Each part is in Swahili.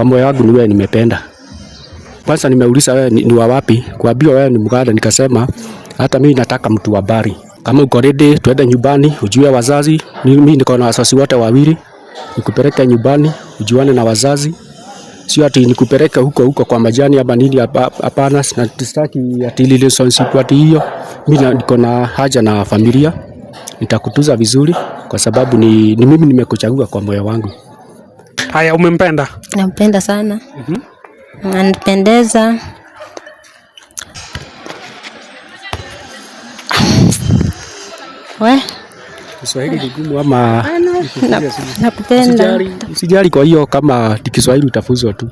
Kwa moyo wangu ni wewe nimependa. Kwanza nimeuliza wewe ni, ni wa wapi? Kuambiwa wewe ni Mganda, nikasema hata mimi nataka mtu wa bari. Kama uko ready tuende nyumbani ujue wazazi. Mimi niko na wasasi wote wawili. Nikupeleke nyumbani ujuane na wazazi. Sio ati nikupeleke huko huko kwa majani ama nini, hapana. Na sitaki ati relationship ati hiyo. Mimi niko na haja na familia. Nitakutuza vizuri kwa sababu ni, ni mimi nimekuchagua kwa moyo wangu. Haya, umempenda? Nampenda sana. mm -hmm. Anipendeza. We Kiswahili kigumu ama nakupenda. Usijali, kwa hiyo kama ni Kiswahili utafuzwa tu.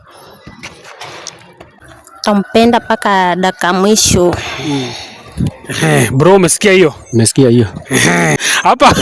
Tampenda mpaka dakika mwisho. mm. Bro, umesikia hiyo? Umesikia hiyo hapa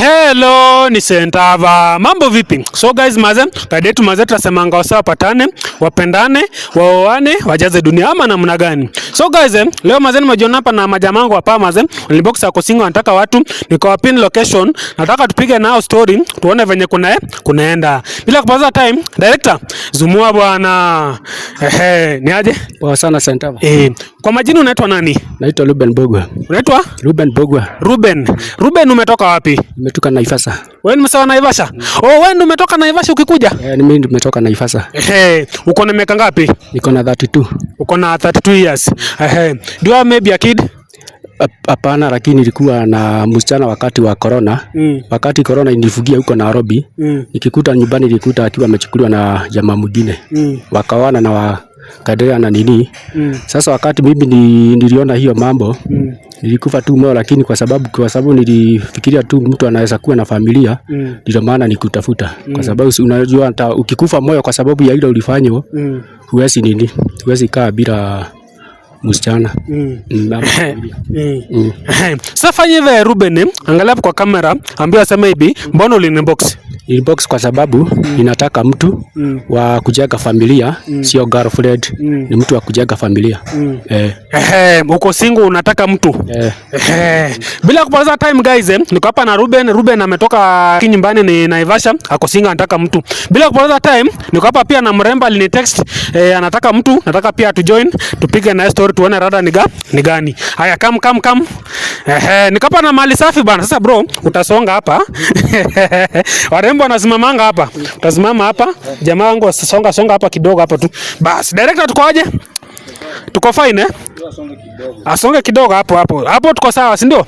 Hello, ni Sentava. Mambo vipi? So guys maze, kada yetu maze tunasemanga wasa wapatane, wapendane, waoane, wajaze dunia ama namna gani? So guys, eh, leo maze nimejiona hapa na majamaa wangu hapa maze, nilibox ya kosingo nataka watu nikawa pin location, nataka tupige nao story, tuone venye kuna kunaenda. Bila kupoteza time, director, zumua bwana. Ehe, ni aje? Poa sana Sentava. Eh, kwa majina unaitwa nani? Naitwa Ruben Bogwa. Unaitwa? Ruben Bogwa. Ruben. Ruben umetoka wapi? Nimetoka Naivasha. Wewe ni msawa Naivasha? Mm. Oh, wewe ndio umetoka Naivasha ukikuja? Eh, yeah, mimi nimetoka Naivasha. Ehe. Uko na miaka ngapi? Niko na 32. Uko na 32 years. Ehe. Do you maybe a kid? Hapana, lakini nilikuwa na msichana wakati wa corona. Mm. Wakati corona inivugia huko Nairobi, mm. Nikikuta nyumbani nilikuta akiwa amechukuliwa na jamaa mwingine. Mm. Wakawana na wa kadri ana nini mm. Sasa wakati mimi ni, niliona hiyo mambo mm. Nilikufa tu moyo, lakini kwa sababu kwa sababu nilifikiria tu mtu anaweza kuwa na familia mm. Ndio maana nikutafuta mm. Kwa sababu unajua hata ukikufa moyo kwa sababu ya ile ulifanywa mm. Huwezi nini, huwezi kaa bila msichana mm. mm. mm. mm. Sasa fanye Ruben, angalia kwa kamera, ambia sema hivi, mbona ulinibox Inbox kwa sababu mm. inataka mtu mm. wa kujenga familia mm. sio girlfriend mm. ni mtu wa kujenga familia mm. eh. Ehe, uko single unataka mtu eh. Ehe. Bila kupoteza time guys eh, niko hapa na Ruben. Ruben ametoka nyumbani ni Naivasha, ako single anataka mtu. Bila kupoteza time niko hapa pia na mrembo alini text eh, anataka mtu, nataka pia tu join tupige na story tuone rada ni, niga ni gani. Haya, kam kam come. Ehe, niko hapa na mali safi bana. Sasa bro, utasonga hapa Rembo anasimamanga hapa. Utasimama hapa. Jamaa wangu wasonga songa hapa kidogo hapa tu. Bas, director tukoje? Tuko fine eh? Asonge kidogo hapo hapo. Hapo tuko sawa, si ndio?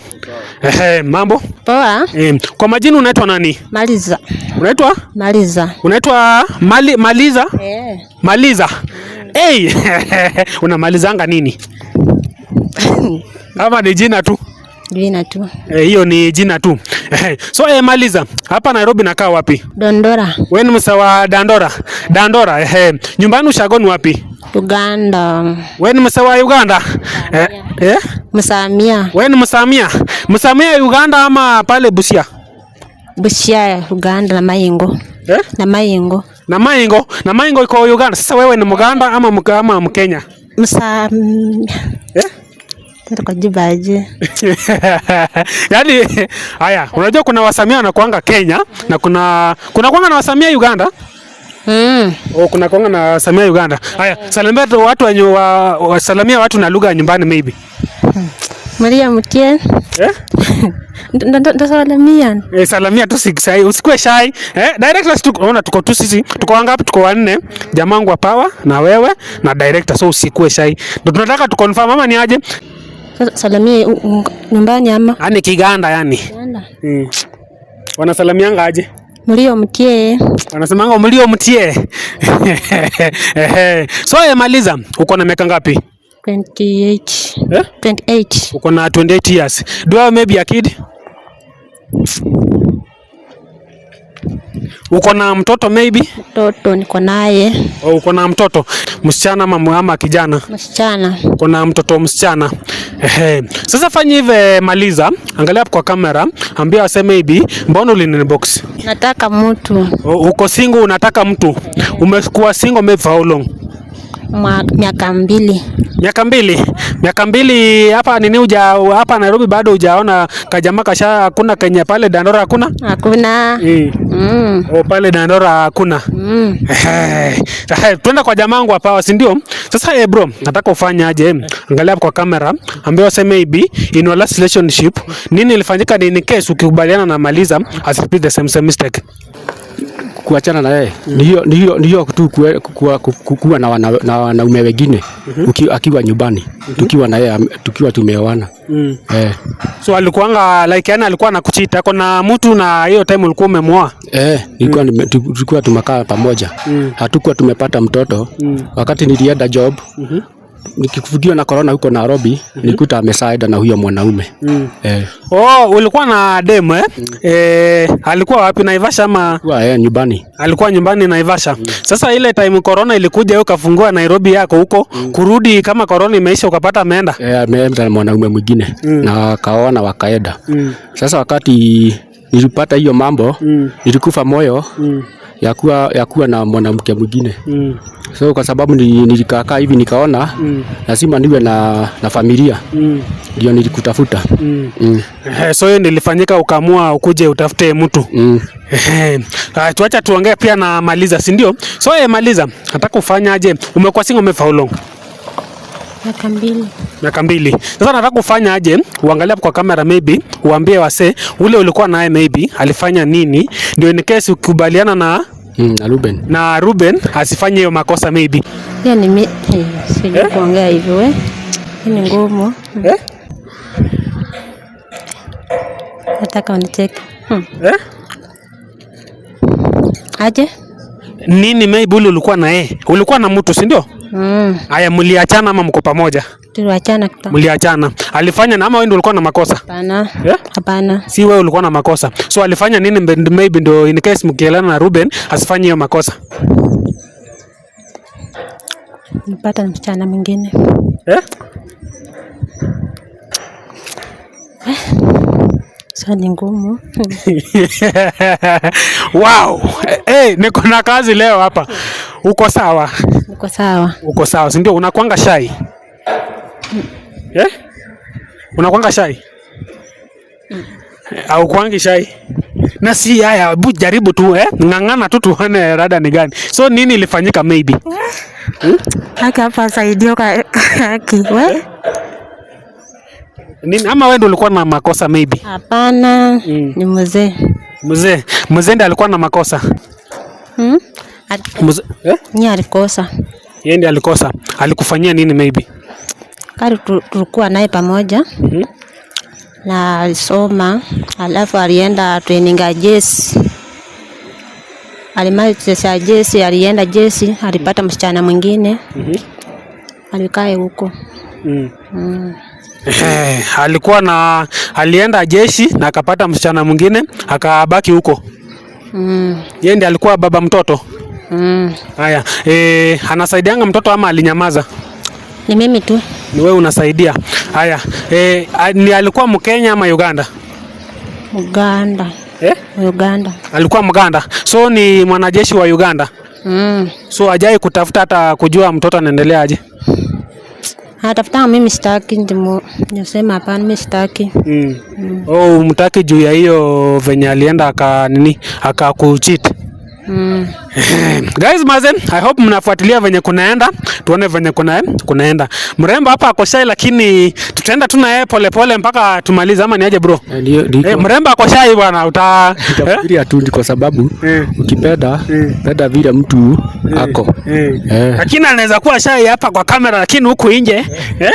Ehe, mambo. Poa. Eh, kwa majina unaitwa nani? Maliza. Unaitwa? Maliza. Unaitwa Mali Maliza? Eh. Maliza. Hey, unamalizanga nini? Ama ni jina tu. Jina tu. Eh, hiyo ni jina tu. Eh, so eh, maliza. Hapa Nairobi nakaa wapi? Dondora. Wewe ni msa wa Dandora. Dandora, eh, eh, nyumbani ushagoni wapi? Uganda. Wewe ni msa wa Uganda? Eh, eh? Msamia. Wewe ni Msamia? Msamia Uganda ama pale Busia? Busia Uganda na Mayingo. Eh? Na Mayingo. Na Mayingo. na Mayingo iko Uganda. Sasa wewe ni Muganda ama Mkenya? Msa Eh? Yaani, haya, unajua kuna Wasamia wanakuanga Kenya na kuna kuna kuanga na Wasamia Uganda. Mm. Oh, kuna kuanga na Wasamia Uganda. Haya, salamia watu wenye wa, wa wasalamia watu na lugha ya nyumbani maybe. Hmm. Maria Mutien. Eh? Ndo salamia. Eh, salamia tu sikisai, usikue shy. Eh, directors tu unaona tuko tu sisi. Tuko wangapi? Tuko wanne. Jamangu wa Power na wewe na director, so usikue shy. Ndio tunataka tu confirm ama ni aje? Salamie nyumbani ama yani Kiganda yani. Kiganda. Mm. Wanasalamianga aje? Mlio mtie. Wanasemanga mlio mtie. So yamaliza, uko na miaka ngapi? 28. Eh? 28. Uko na 28 years. Do you maybe a kid? Uko na mtoto maybe? Mtoto niko naye. Oh, uko na mtoto msichana mama ama kijana? Msichana. Uko na mtoto msichana. Ehe. Sasa fanya hivi, eh, maliza, angalia kwa kamera, ambia wase maybe, mbona ulinibox? Nataka mtu. Oh, uko single unataka mtu. Umekuwa single maybe for how long? miaka mbili. Miaka mbili, miaka mbili hapa nini uja hapa Nairobi bado hujaona kajama kasha? Hakuna Kenya pale Dandora, hakuna hakuna eh. mm. Oh, pale Dandora hakuna mm. Hey, Tuenda kwa jamangu hapa, si ndio? Sasa hey eh, bro, nataka ufanye aje? Angalia kwa kamera, ambaye wase maybe in your last relationship nini ilifanyika, nini case ukikubaliana na maliza, as repeat the same, same mistake kuachana na yeye mm. ni hiyo ni hiyo tu kuwa na wanaume wengine mhm. akiwa nyumbani mhm. tukiwa na yeye tukiwa tumeoana mm. eh. So alikuanga like yani alikuwa anakuchita kuna mtu na hiyo time ulikuwa umemwoa? Eh, nilikuwa mm. tulikuwa tumekaa pamoja mm. hatukuwa tumepata mtoto mm. wakati nilienda job mm -hmm nikivutiwa na corona huko Nairobi mm -hmm. nikuta amesaida na huyo mwanaume mm. eh. Oh, ulikuwa na demo eh? Mm. Eh, alikuwa wapi Naivasha ama? Wa, eh, nyumbani. Alikuwa nyumbani Naivasha. Mm. Sasa ile time corona ilikuja wewe ukafungua Nairobi yako huko mm. kurudi kama corona imeisha ukapata ameenda? Eh, ameenda na mwanaume mwingine mm. na kaona wakaenda. Mm. Sasa wakati nilipata hiyo mambo mm. nilikufa moyo mm ya kuwa, ya kuwa na mwanamke mwingine mm. So kwa sababu nilikakaa hivi nikaona mm. lazima niwe na, na familia ndio mm. nilikutafuta mm. mm. So hiyo nilifanyika ukamua ukuje utafute mtu mm. Eh, eh, tuacha tuongee pia na Maliza, si ndio? So eh, Maliza, nataka ufanyaje? Umekuwa single umefaulonga? Miaka mbili. Miaka mbili. Sasa nataka kufanya aje? Uangalia kwa kamera maybe, uambie wase ule ulikuwa naye maybe alifanya nini? Ndio in case ukubaliana na mm, na Ruben. Na Ruben asifanye hiyo makosa maybe. Yaani mimi eh, sijui eh? kuongea hivyo eh. Ni ngumu. Eh? Nataka unicheke. Hmm. Eh? Aje? Nini maybe ule ulikuwa naye? Ulikuwa na mtu, si ndio? Mm. Aya, mliachana ama mko pamoja? Tuliachana. Mliachana. Alifanya na ama wewe ndio ulikuwa na makosa? Hapana. Yeah? Hapana. Si wewe ulikuwa na makosa. So alifanya nini maybe ndio in case mkielana na Ruben asifanye hiyo makosa? Nipata msichana mwingine. Eh? Eh? kazi ni ngumu. Wow. Hey, eh, eh, niko na kazi leo hapa. Uko sawa? Niko sawa. Uko sawa, si ndio? Unakwanga shai? Eh? Unakwanga shai? mm. Eh, Au kwangi shai? Na si haya, bu jaribu tu eh? Ng'ang'ana tu tuone rada ni gani. So nini ilifanyika maybe? Hmm? Haki hapa saidio ka haki. We? Nini ama wewe ndio ulikuwa na makosa maybe? Hapana, mm. Ni mzee. Mzee, mzee ndiye alikuwa na makosa. Mm? Al mzee, eh? Ni alikosa. Yeye ndiye alikosa. Alikufanyia nini maybe? Kari tulikuwa naye pamoja. Mm. Na alisoma, alafu alienda training ya Jesse. Alimaliza Jesse, alienda Jesse, alipata msichana mwingine. Mhm. Mm huko. Mm. Mm. Eh, alikuwa na alienda jeshi na akapata msichana mwingine akabaki huko. Mm. Yeye ndiye alikuwa baba mtoto. Mm. Haya, eh, anasaidianga mtoto ama alinyamaza? Ni mimi tu. Ni wewe unasaidia. Haya, eh, ni alikuwa Mkenya ama Uganda? Uganda. Eh? Uganda. Alikuwa Mganda. So ni mwanajeshi wa Uganda. Mm. So ajai kutafuta hata kujua mtoto anaendeleaje hata mimi sitaki, ndio nasema hapana, mimi sitaki. Mm. Mm. Oh, umtaki juu ya hiyo venye alienda aka nini akakuchiti Mm. Guys maze, I hope mnafuatilia venye kunaenda, tuone venye kuna kunaenda. Mrembo hapa ako shy lakini tutaenda tu na yeye pole mpaka tumalize ama niaje bro? Eh, ndio, Eh, mrembo ako shy bwana, uta eh? tu kwa sababu eh. ukipenda eh. penda vile mtu ako. Eh. Lakini anaweza kuwa shy hapa kwa kamera lakini huku nje eh?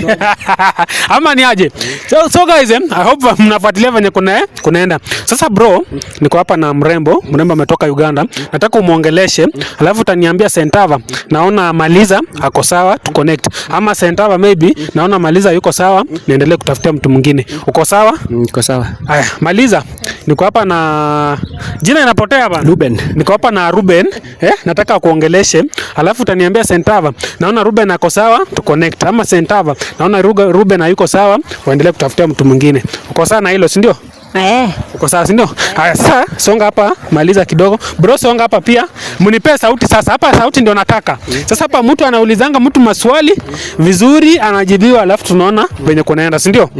Ama niaje? So, so guys, I hope mnafuatilia venye kuna kunaenda. Sasa bro, niko hapa na mrembo. Mrembo ametoka kutoka Uganda. Nataka umuongeleshe, alafu utaniambia Sentava, naona Maliza ako sawa, tu connect ama Sentava maybe naona Maliza yuko sawa, niendelee kutafutia mtu mwingine. Uko sawa? Niko mm, sawa. Haya, Maliza, niko hapa na jina inapotea bana. Ruben. Niko hapa na Ruben, eh, nataka kuongeleshe, alafu utaniambia Sentava, naona Ruben ako sawa, tu connect ama Sentava, naona Ruben hayuko sawa, waendelee kutafutia mtu mwingine. Uko sawa na hilo, si ndio? Eh. Uko sawa si ndio? Eh. Haya sasa songa hapa, maliza kidogo. Bro songa hapa pia. Mnipe sauti sasa. Hapa sauti ndio nataka. Hmm. Sasa hapa mtu anaulizanga mtu maswali hmm. vizuri anajibiwa alafu tunaona hmm. venye kunaenda si ndio?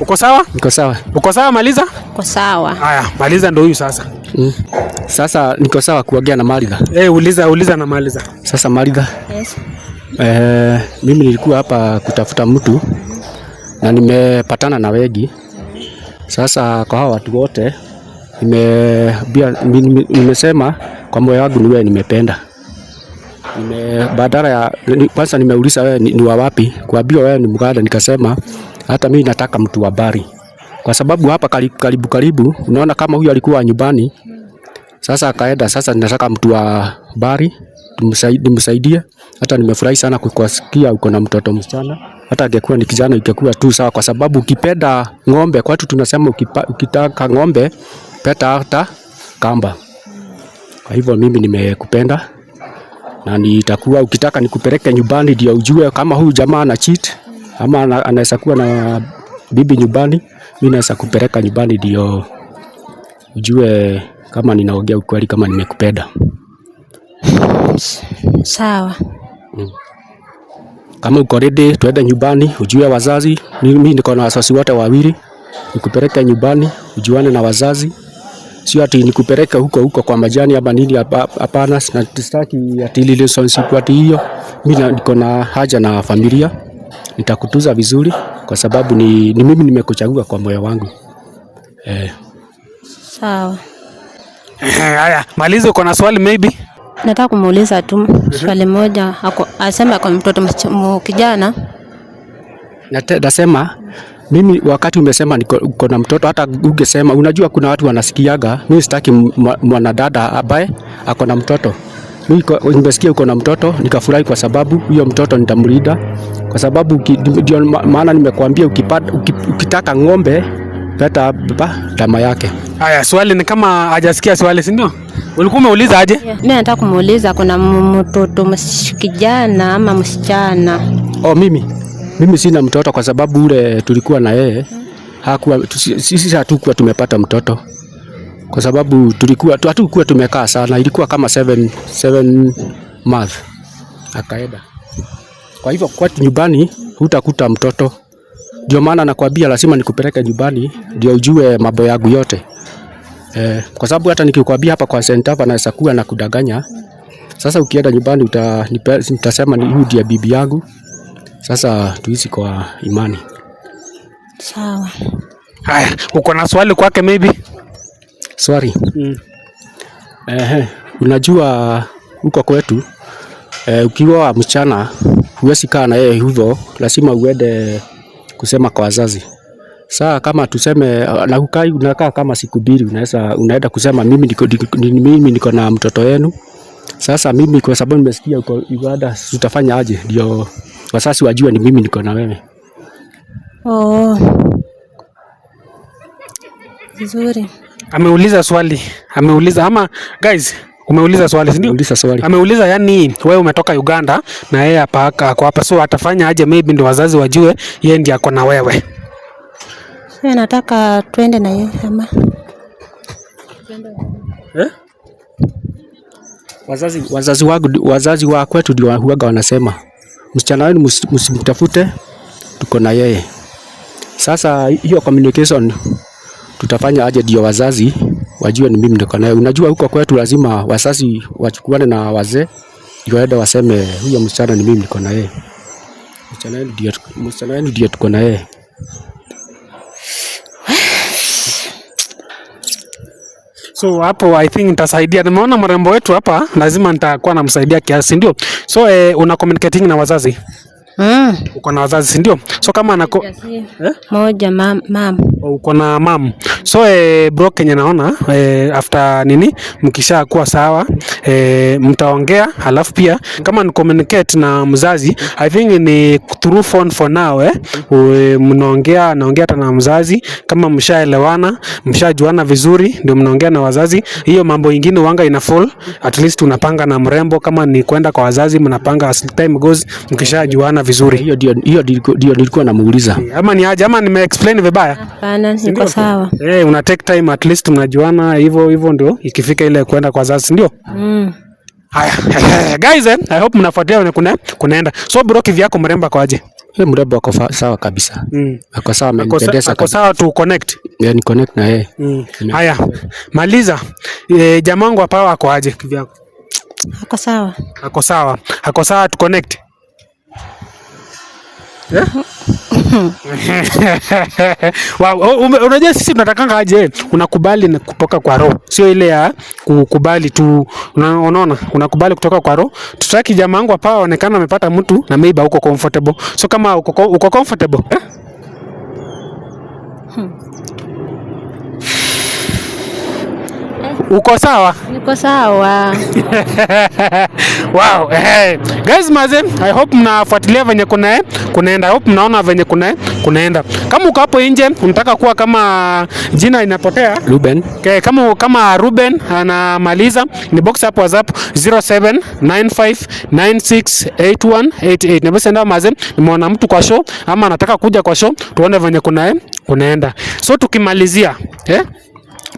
Uko sawa? Niko sawa. Uko sawa maliza? Uko sawa. Haya maliza ndio huyu sasa. Mm. Sasa niko sawa kuongea na Maliza. Eh, hey, uliza uliza na Maliza. Sasa Maliza. Yes. Eh, mimi nilikuwa hapa kutafuta mtu na nimepatana na Wegi. Sasa kwa hawa watu wote nimesema kwa moyo wangu ni wewe nimependa. Nime badala ya kwanza nimeuliza wewe ni, ni wa wapi? Kuambiwa wewe ni Mganda nikasema hata mimi nataka mtu wa bari, Kwa sababu hapa karibu karibu, unaona kama huyu alikuwa nyumbani sasa akaenda sasa, ninataka mtu wa habari nimsaidie. Hata nimefurahi sana kukusikia uko na mtoto msichana, hata angekuwa ni kijana ingekuwa tu sawa, kwa sababu ukipenda ng'ombe kwetu tunasema ukipa, ukitaka ng'ombe peta hata kamba. Kwa hivyo mimi nimekupenda na nitakuwa ukitaka nikupeleke nyumbani ndio ujue kama huyu jamaa ana cheat ama anaweza kuwa na bibi nyumbani, mimi naweza kupeleka nyumbani ndio ujue kama ninaongea ukweli, kama nimekupenda sawa. Mm. Kama uko ready tuende nyumbani, ujue wazazi. Mimi niko na wasasi wote wawili, nikupeleke nyumbani ujuane na wazazi, sio ati nikupeleke huko huko kwa majani ama nini. Hapana, na sitaki ati relationship ati hiyo. Mimi niko na haja na familia, nitakutuza vizuri kwa sababu ni, ni mimi nimekuchagua kwa moyo wangu eh. Sawa. Haya, malizo uko na swali maybe? Nataka kumuuliza tu swali moja, asema kwa mtoto kijana. Nasema mimi wakati umesema niko na mtoto, hata ungesema, unajua kuna watu wanasikiaga, mimi sitaki mwanadada ambaye ako na mtoto. Mimi nimesikia uko na mtoto nikafurahi, kwa sababu huyo mtoto nitamlinda, kwa sababu ndio maana nimekuambia ukitaka ng'ombe leta hapa tama yake. Haya, swali ni kama hajasikia swali, si ndio? Ulikuwa umeuliza aje? Yeah. Mimi nataka kumuuliza kuna mtoto kijana ama msichana. Oh, mimi mimi sina mtoto kwa sababu ule tulikuwa na yeye hakuwa, sisi hatukuwa tumepata mtoto kwa sababu tulikuwa hatukuwa tumekaa sana, ilikuwa kama 7 7 month akaenda. Kwa hivyo kwetu nyumbani hutakuta mtoto. Ndio maana nakwambia lazima nikupeleke nyumbani ndio ujue mambo yangu yote. Eh, kwa sababu hata nikikwambia hapa kwa Sentava naweza kuwa na kudanganya. Sasa ukienda nyumbani uta, nitasema ni huyu ndiye bibi yangu. Sasa tuishi kwa imani. Sawa. Haya, uko na swali kwake maybe? Swali. Mm. Eh, unajua huko kwetu eh, ukiwa mchana huwezi kaa na yeye hivyo, lazima uende kusema kwa wazazi. Saa kama tuseme ah, na ukai unakaa kama siku mbili, unaweza unaenda kusema mimi niko, mimi niko na mtoto wenu. Sasa mimi kwa sababu nimesikia uko ibada, tutafanya aje ndio wazazi wajua ni mimi niko na wewe. Oh. nzuri. Ameuliza swali, ameuliza ama guys Umeuliza swali, si ndio? Uliza swali. Ameuliza yani wewe umetoka Uganda na yeye hapa ako hapa, so atafanya aje maybe ndio wazazi wajue yeye ndiye ako na wewe. Sasa nataka twende na yeye ama. Eh? Wazazi wazazi wangu wazazi wa kwetu ndio huaga wanasema msichana wenu msimtafute, tuko na yeye. Sasa hiyo communication tutafanya aje ndio wazazi wajue ni mimi niko naye. Unajua huko kwetu lazima wasasi wachukuane na wazee ndio waende waseme huyo msichana ni mimi niko naye, msichana yenu ndiye tuko naye. So hapo I think nitasaidia. Nimeona mrembo wetu hapa, lazima nitakuwa namsaidia kiasi, ndio. So eh, una communicating na wazazi Mm. Uko na wazazi, ndio? So kama anako eh? Moja mam, mam. Oh, uko na mam. So eh, bro Kenya naona eh, after nini mkisha kuwa sawa eh, mtaongea alafu pia kama ni communicate na mzazi I think ni through phone for now eh. Mnaongea naongea hata na mzazi kama mshaelewana, mshajuana vizuri ndio mnaongea na wazazi. Hiyo mambo ingine wanga ina fall. At least unapanga na mrembo kama ni kwenda kwa wazazi mnapanga as time goes mkishajuana vizuri. Hiyo ndio hiyo ndio nilikuwa namuuliza. Eh, ama ni aje ama nime explain vibaya? Hapana, niko sawa. Eh, hey, una take time at least mnajuana hivyo hivyo ndio ikifika ile kwenda kwa zazi ndio? Mm. Haya, guys eh, I hope mnafuatia wewe kuna kunaenda. So bro kivyako mrembo aje? Yeye mrembo ako sawa kabisa. Mm. Ako sawa amenipendeza. Ako sawa tu connect. Yeah, ni connect na yeye. Mm. Haya. Maliza. E, eh, jamangu hapa wako aje kivyako? Ako sawa. Ako sawa. Ako sawa tu connect. Eh? Wow, oh, unajua sisi tunatakanga aje, unakubali kutoka kwa roho, sio ile ya kukubali tu. Unaona, unakubali kutoka kwa roho. Tutaki jamaa wangu hapa aonekana amepata mtu na maybe uko comfortable, so kama uko, uko comfortable eh? hmm. Uko sawa, uko sawa Wow. Hey. Guys maze, I hope mnafuatilia venye kuna eh, kunaenda. I hope mnaona venye kuna eh, kunaenda. Kama uko hapo nje unataka kuwa kama jina inapotea Ruben. Okay, kama kama Ruben anamaliza ni box hapo WhatsApp 0795968188. Na basi ndio maze, nimeona mtu kwa show ama anataka kuja kwa show, tuone venye kuna eh, kunaenda. So tukimalizia eh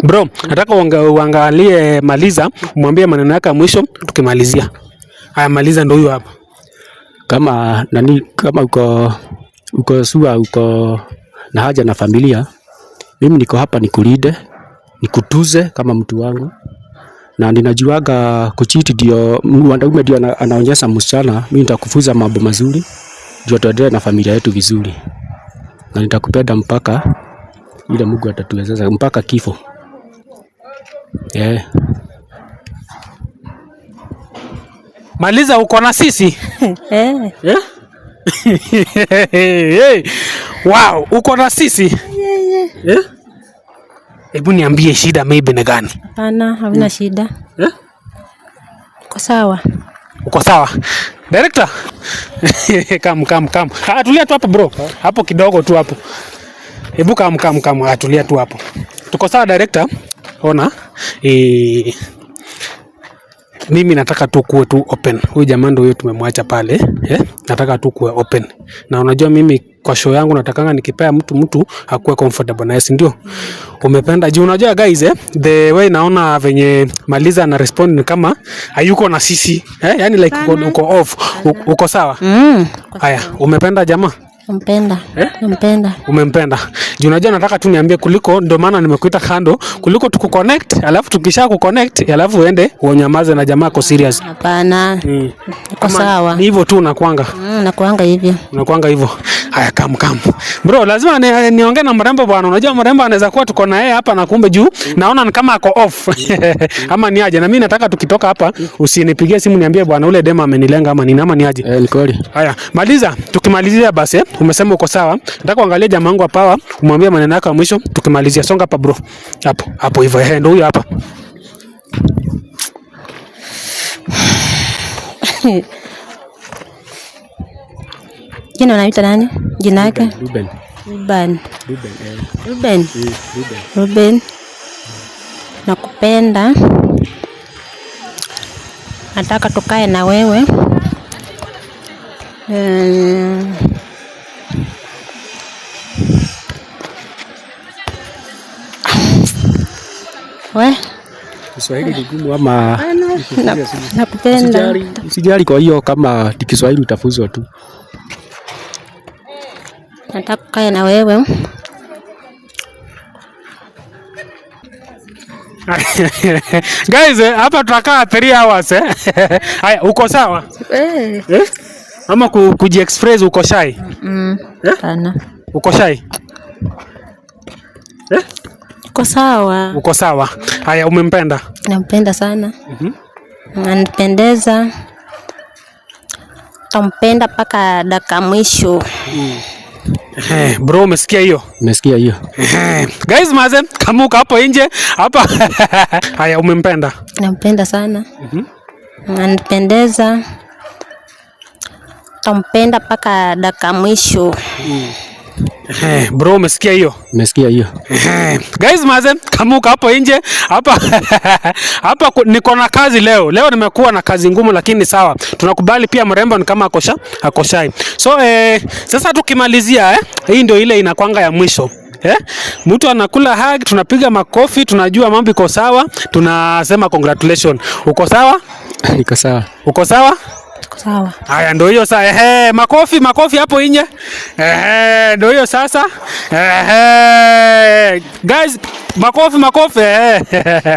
Bro, nataka uangalie maliza, mwambie maneno yake ya mwisho tukimalizia. Ayamaliza ndo huyo hapa. Kama nani, kama uko uko sua uko na haja na familia, mimi niko hapa nikulide nikutuze kama mtu wangu, na ninajuaga kuchiti ndio mwanaume ndio ana, anaonyesha msichana. Mimi nitakufuza mambo mazuri ndio tuendelee na familia yetu vizuri, na nitakupenda mpaka ile Mungu atatuwezesha mpaka kifo eh. Maliza, uko na sisi eh? yeah? Wow, uko na sisi yeah, yeah. Yeah? Hebu niambie shida maybe ni gani? Hapana, hamna hmm. shida. Yeah? Uko sawa? Uko sawa? Director. Kam kam kam. Ah, tulia tu hapo bro. Hapo kidogo tu hapo. Hebu kam kam kam, atulia tu hapo. Tuko sawa director? Ona. Eh, mimi nataka tu kuwe tu open. Huyu jamaa ndio huyo tumemwacha pale eh? Nataka tu kuwe open, na unajua mimi kwa show yangu natakanga nikipea mtu mtu akuwe comfortable na yesi ndio umependa juu. Unajua guys eh, the way naona venye Maliza na respond ni kama hayuko na sisi eh, yani like uko, uko off uko sawa. Mm. Haya, umependa jamaa Nampenda. Eh? Nampenda. Umempenda. Juu unajua nataka tu niambie kuliko ndio maana nimekuita kando kuliko connect alafu tukisha ku connect alafu uende uonyamaze na jamaa ko serious. Hapana. Mm. Kwa sawa. Ni hivyo tu unakuanga. Mm, nakuanga hivyo. Unakuanga hivyo. Haya kam kam. Bro, lazima niongee ni, na Mrembo bwana. Unajua Mrembo anaweza kuwa tuko na yeye hapa na kumbe juu mm. naona ni kama ako off. Mm. ama ni aje. Na mimi nataka tukitoka hapa usinipigie simu niambie bwana ule dema amenilenga ama ni ama ni aje. Eh, ni kweli. Haya, maliza. Tukimalizia basi. Eh. Umesema uko sawa. Nataka uangalie jamaa wangu hapa, umwambie maneno yako ya mwisho tukimalizia. Songa hapa bro. Hapo. Hapo hivyo. Eh, ndio huyo hapa. Jina unaita nani? Jina yake? Ruben. Ruben. Ruben. Eh. Mm, Ruben. Ruben. Nakupenda. Nataka tukae na wewe. Um, We Kiswahili kigumu ama nakupenda, usijali. Kwa hiyo kama ni Kiswahili utafuzwa tu. Nataka kukaa na wewe Guys, eh, hapa tutakaa 3 hours eh. Haya, uko sawa? Eh. Eh? Ama ku, kuji express uko shy? Mm. Eh? Uko shy? Eh? Uko sawa? Uko sawa. Haya, umempenda? Nampenda sana. mm -hmm. Anipendeza, tampenda mpaka dakika mwisho. mm. bro umesikia hiyo? Umesikia hiyo. Eh, guys maze, kamuka hapo nje hapa. Haya, umempenda? Nampenda sana. mm -hmm. Anipendeza, tampenda mpaka dakika mwisho. mm bro umesikia hiyo? Umesikia hiyo. guys maze, kamuka hapo nje. Hapa hapa niko na kazi leo. Leo nimekuwa na kazi ngumu lakini sawa. Tunakubali pia mrembo ni kama akosha, akoshai. So eh, sasa tukimalizia eh, hii ndio ile inakwanga ya mwisho. Eh? Mtu anakula hug, tunapiga makofi, tunajua mambo iko sawa, tunasema congratulations. Uko sawa? Niko sawa. Uko sawa? Tuko sawa. Haya ndio hiyo sasa. Ehe, makofi makofi hapo inye. Ehe, ndio hiyo sasa. Ehe. Guys, makofi makofi. Ehe.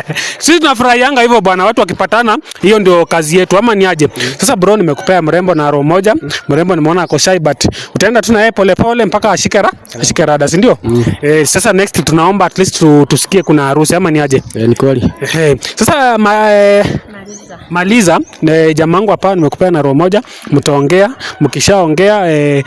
Sisi tunafurahianga hivyo bwana, watu wakipatana, hiyo ndio kazi yetu ama ni aje? Sasa bro, nimekupea mrembo na roho moja. Mrembo nimeona ako shy but utaenda tu na yeye pole pole mpaka ashike ra, ashike rada, si ndio? Mm. Eh, sasa next tunaomba at least tusikie kuna harusi ama ni aje? Eh, ni kweli. Ehe. Sasa ma, eh, maliza. Maliza, eh, jamangu hapa nimekupea na roho moja, mtaongea. Mkishaongea eh,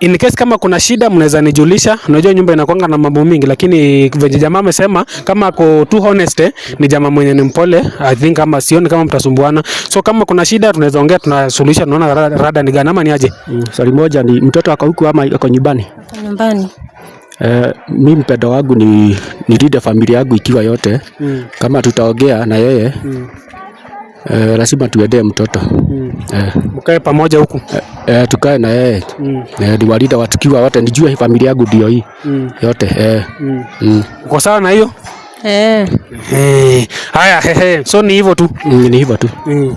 in case kama kuna shida mnaweza nijulisha. Unajua nyumba inakuanga na mambo mingi, lakini venye jamaa amesema kama ako too honest eh, ni jamaa mwenye ni mpole. I think kama sioni kama mtasumbuana, so kama kuna shida tunaweza ongea, tunasuluhisha. Tunaona rada, rada ni gani ama ni aje? Mm, swali moja ni mtoto ako huko ama ako nyumbani? Nyumbani. Eh, mimi mpendo wangu ni nilinde familia yangu ikiwa yote mm. Kama tutaongea na yeye mm. Eh, lazima tuendee mtoto mm. Eh, mkae pamoja huku eh, eh, tukae na yeye mm. Eh, niwalinda watukiwa wote, nijue familia yangu ndio hii mm. yote eh. mm. Mm. Uko sawa na hiyo eh? Eh. Haya, hehe, so ni hivyo tu mm, ni hivyo tu mm.